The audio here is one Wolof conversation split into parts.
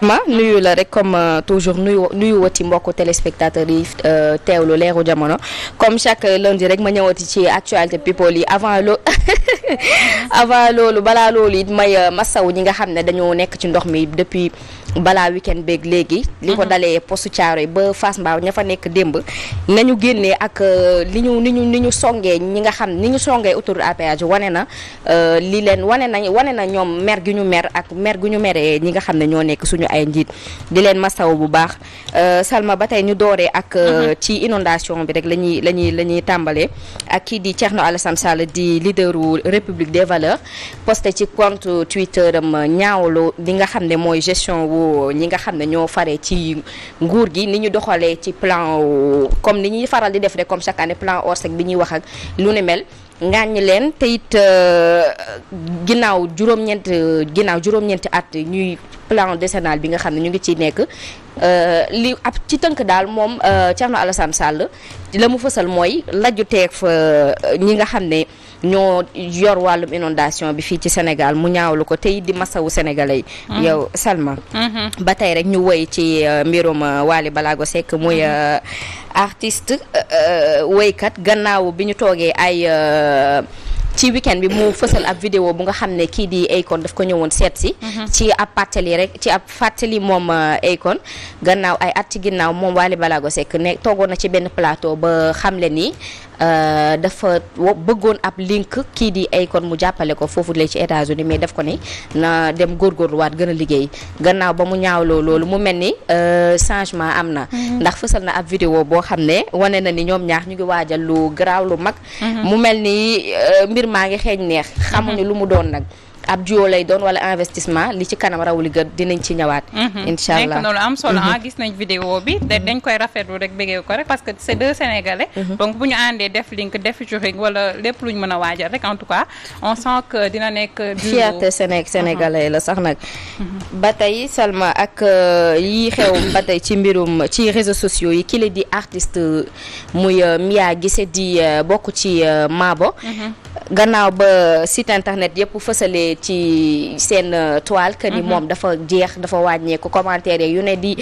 ma nuyu la rek comme euh, toujours nuyu nuyu wati mbokku téléspectateurs yi euh, teewlu leeru jamono comme chaque lendi rek ma ñëwati ci actualité people yi avant lo avant loolu balaa loolu it may euh, masaw ñi nga xam ne dañoo nekk ci ndox mi depuis balaa weekend beeg léegi. li ko mhm. dalee postu yi ba fas Mbao ña fa nekk démb. nañu génnee ak euh, li ñu ni ñu ni ñu songee ñi nga xam ni ñu songee autour à wane na euh, li leen wane nañ wane na ñoom mer gi ñu mer ak mer gu ñu meree ñi nga xam ne ñoo nekk suñu ay njiit di leen masaw bu baax Salma ba tey ñu dooree ak. Mhm. ci inondation bi rek la ñuy la tàmbalee ak kii di Thierno Alassane Sall république des valeurs posté ci compte Twitter am ñaawlu li nga xam ne mooy gestion wu ñi nga xam ne ñoo fare ci nguur gi ni ñu doxalee ci plan comme ni ñuy faral di def rek comme chaque année plan Orsec bi ñuy wax ak lu ni mel ngaaññi leen te it euh, ginnaaw juróom-ñeent ginnaaw ñeenti at ñuy plan décennal bi nga xam ne ñu ngi ciy nekk euh, li ab ci tënk daal moom euh, Thierno Alassane Sall la mu fësal mooy laju teef ñi nga xam ne ñoo yor wàllum inondation bi fii ci Sénégal mu ñaawlu ko tey di masawu sénégalais yi. Mm. yow Salma. Mm-hmm. ba tey rek ñu woy ci euh, mbirum waali Wally ko Seck muy mm-hmm. euh, artiste euh, woykat gannaaw bi ñu toogee ay. ci weekend bi mu fësal ab vidéo bu nga xam ne kii di Akon daf ko ñëwoon seet si mhm. ci ab pàttali rek ci ab fàttali moom eh, Akon gannaaw ay at ci ginnaaw moom balaa ko sekk ne toogoon na ci benn plateau ba xam xamle ni euh, dafa bëggoon ab link kii di Akon mu jàppale ko foofu lay ci États-Unis mais daf ko ni na dem góorgóorluwaat gën a liggéey gannaaw ba mu ñaawloo loolu mu mel ni euh, changement am na mhm. ndax fësal na ab vidéo boo xam ne wane na ni ñoom ñaax ñu ngi waajal lu garaaw lu mag mhm. mu mel ni euh, mbir mbir maa ngi xeeñ neex xamuñu lu mu doon nag ab jiwoo lay doon wala investissement li ci kanam raw li gën dinañ ci ñëwaat. Mhm. incha allah nekk na lu am solo ah mhm. gis nañ vidéo bi dañ koy rafetlu rek bëggee ko rek parce que c'est deux sénégalais. Mhm. donc bu ñu àndee def link def featuring wala lépp luñ mën a waajal rek en tout cas en sent dina nekk. fierté Séné sénégalais la sax nag. ba tey Salma ak euh, yi xew ba tey ci mbirum ci réseaux sociaux yi ki di artiste euh, muy euh, Mia Guissé di bokk ci Mabo. gannaaw ba site internet yëpp fësalee ci seen euh, toile que ni mhm. moom dafa jeex dafa wàññeeku commentaire yu ne di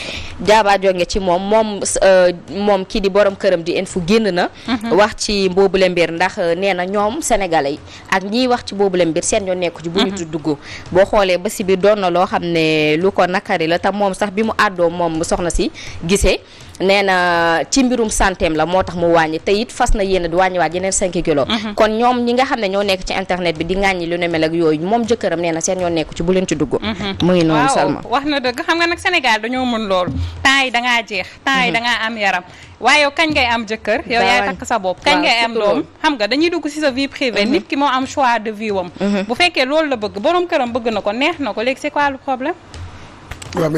jaabaa jonge ci moom moom euh, moom kii di borom këram di info génn na mhm. wax ci boobule mbir ndax euh, nee na ñoom sénégalais yi ak ñiy wax ci boobule mbir seen yoon nekku ci bu ñu mhm. dugg boo xoolee ba si biir doon na loo xam ne lu ko nakari la te moom sax bi mu àddoo moom soxna si gisee nee na ci mbirum santeem la moo tax mu wàññi te it fas na yéene di wàññiwaat yeneen 5 kilos mhm. kon ñoom ñi nga xam ne ñoo nekk ci internet bi di ŋàññi lu ne mel ak yooyu moom jëkkëram nee na seen yoon nekku ci bu leen ci dugg mhm. mu ngi noonu Salma wax na dëgg xam nga nag Sénégal dañoo mën loolu temps yi dangaa jeex temps yi mhm. dangaa am yaram waaye yow kañ ngay am jëkkër yow yaay takk sa bopp kañ ngay am doom xam nga dañuy dugg ci sa vie privée nit ki moo am choix de vie wam bu fekkee loolu la bëgg borom këram bëgg na ko neex na ko léegi c'est quoi le problème waaw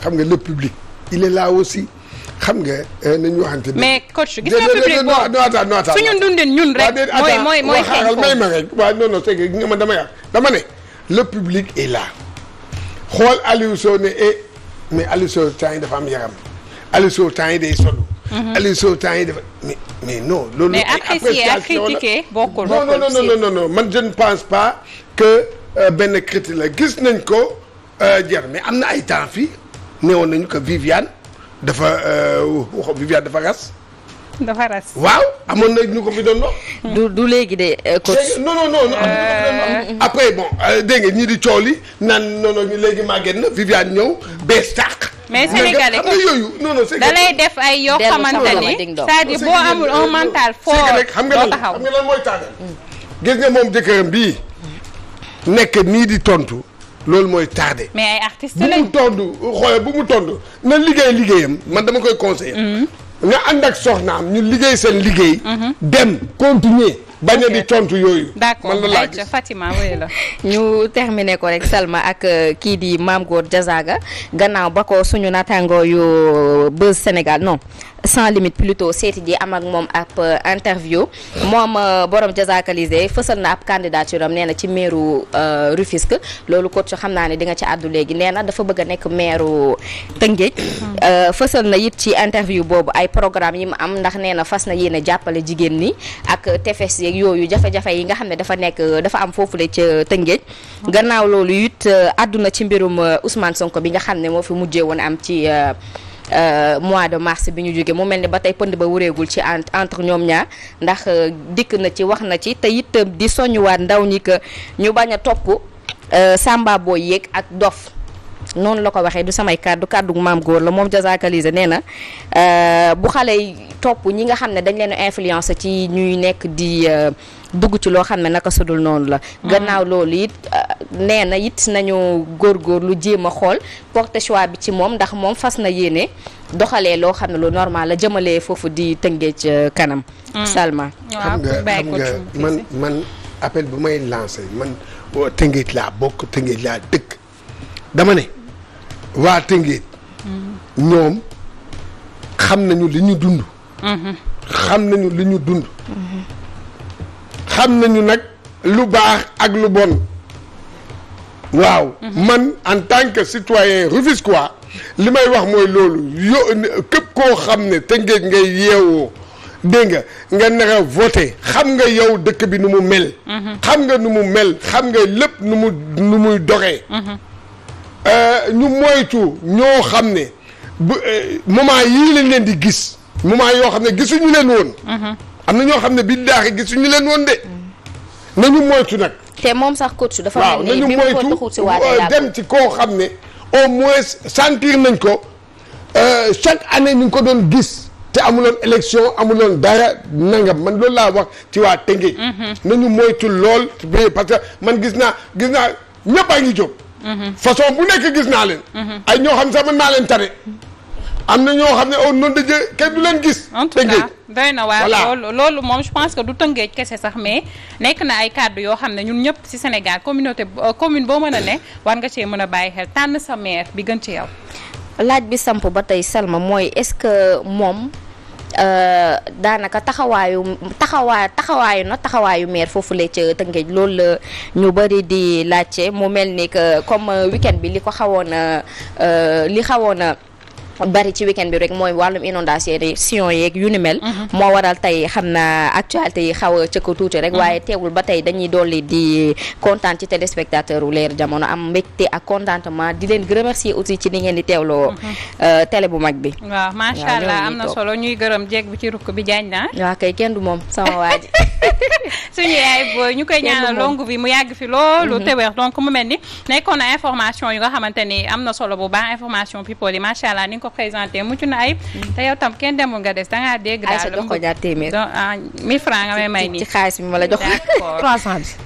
xam nga le public il est aussi xam nga euh, nañu waxante. mais coach gis nga public ma rek dama yàq dama ne le public eh, mais Aliou Sow temps yi am yaram Aliou Sow temps yi day solu mhm. Aliou Sow temps yi dafa mais mais non. Euh, benn critique la gis nañ ko jar euh, mais am na ay temps fii. neewoon nañu ko Viviane dafa euh, wax Viviane dafa gas. dafa ras waaw amoon na ñu ko fi doon wax. du léegi de. Euh, coach non non non euh. après bon dégg nga ñii di coow li naan non non léegi màgget na Viviane ñëw bees tàq. mais sénégalais xam nga yooyu non non. da lay def ay yoo xamante ni c'est-à-dire boo amul un mental fort. xam nga lan mooy tàggat. gis nga moom jëkkëram bii nekk nii di tontu. loolu mooy tardé. mais ay artistes bu mu tontu xoolee bu mu tontu na liggéey liggéeyam man dama koy conseiller. Mm-hmm. nga ànd ak soxnaam ñu liggéey seen liggéey. Mm-hmm. dem continuer. bañ di tontu yooyu. man la laa la. ñu terminé ko rek Salma ak euh, kii di Mame Goor Diazaga gannaaw ba ko suñu naataangoo yu euh, Buzz Sénégal non. sans limite plutôt seeti ji am ak moom ab euh, interview moom euh, borom jazakalisé fësal na ab candidature am nee na ci meeru euh, Rufisque loolu coach xam naa ne di nga ci àddu léegi nee na dafa bëgg a nekk meeru Tëngéej hmm. fësal na it ci interview boobu ay programme yi mu am ndax nee na fas na yéene jàppale jigéen ñi ak tefes yeeg yooyu jafe-jafe yi nga xam ne dafa nekk dafa am foofu foofule ca Tëngéej hmm. gannaaw loolu it àdduna ci mbirum Ousmane sonk bi nga xam ne moo fi mujjee woon am ci Euh, mois de mars bi ñu jógee mu mel ni ba tey pënd ba wureegul ci entre ñoom ñaar ndax euh, dikk na ci wax na ci te it euh, di soññuwaat ndaw ñi que ñu bañ a topp Samba boo yéeg ak dof noonu la ko waxee du samay kàddu kàddu maam góor la moom jazakalise nee na bu xale yi topp ñi nga xam ne dañ leen influence ci ñuy nekk di dugg ci loo xam ne naka sudul noonu la mm-hmm. gannaaw loolu it nee na it nañu góorgóorlu jéem a xool porté choix bi ci moom ndax moom fas na yéene doxalee loo xam ne lu normal la jëmalee foofu di tëngee euh, kanam. Mm. Salma. xam man man appel bu may lancé man tëngéej laa bokk tëngéej laa dëkk dama ne waa tëngéej mm. ñoom xam nañu li ñu dund. Mm-hmm. xam nañu li ñu dund. Mm-hmm. xam nañu nag lu baax ak lu bon. waaw mhm. man en tant que citoyen rufisquois li may wax mooy loolu yo képp koo xam ne Tëngéej nga yeewoo dégg nga nga nar xam nga yow dëkk bi nu mu mel. Mhm. xam nga nu mu mel xam nga lépp nu mu nu muy doxee. Mhm. Euh, ñu moytu ñoo xam ne bu euh, moment yii lañ leen di gis moment yoo xam ne gisuñu leen woon. am na ñoo xam ne bi daaxi gisuñu leen woon de. nañu moytu nag. te moom sax coach dafa mel ni bi mu ko euh, dem ci koo xam ne au moins sentir nañ ko euh, chaque année ñu ngi ko doon gis te amuloon élection amuloon dara nangam man loolu laa wax ci waa Tëngéej. Mhm. nañu moytu lool parce que man gis naa gis naa ñëpp a ngi jóg. Mhm. façon bu nekk gis naa leen. Mhm. ay ñoo xam sax man maa leen tane. am na ñoo xam ne au nom de Dieu kenn du leen gis. en tout doy na waar loolu moom je pense que du tëngeej kese sax mais nekk na ay kàddu yoo xam ne ñun ñëpp ci Sénégal communauté euh, commune boo mën a ne war nga cee mën a bàyyi xel tànn sa maire bi gën ci yow. laaj bi samp ba tey Salma mooy est-ce que moom. Uh, daanaka taxawaayu taxawaa taxawaayu na taxawaayu maire foofu la ca Tëngéej loolu la ñu bëri di laajte mu mel ni que comme uh, weekend bi li ko xawoon a uh, euh, li xawoon euh, bari ci weekend bi rek mooy wàllum inondation yi sion yeeg yu ni mel mhm. moo waral tey xam na actualité yi xaw a cëkk tuuti rek mhm. waaye teewul ba tey dañuy dolli di kontaan ci téléspectateur u leer jamono am mbégte ak contentement di leen remercier aussi ci ni ngeen di teewloo mhm. euh, télé bu mag bi waaw allah am na solo ñuy gërëm jeeg bu ci rukk bi jaañ ah. naa waaw kay kenn du moom sama waaj suñu yaay booy ñu koy ñaanal longu bi mu yàgg fi loolu téwéer donc mu mel ni ko présenté mucc na ayib. Mm. te yow tam kenn demul nga des da ngaa dégg. daal lu mu ayisa jox ko ñaar téeméer. donc ah 1000 francs nga may may nii. ci xaalis bi ma la jox 300 bi.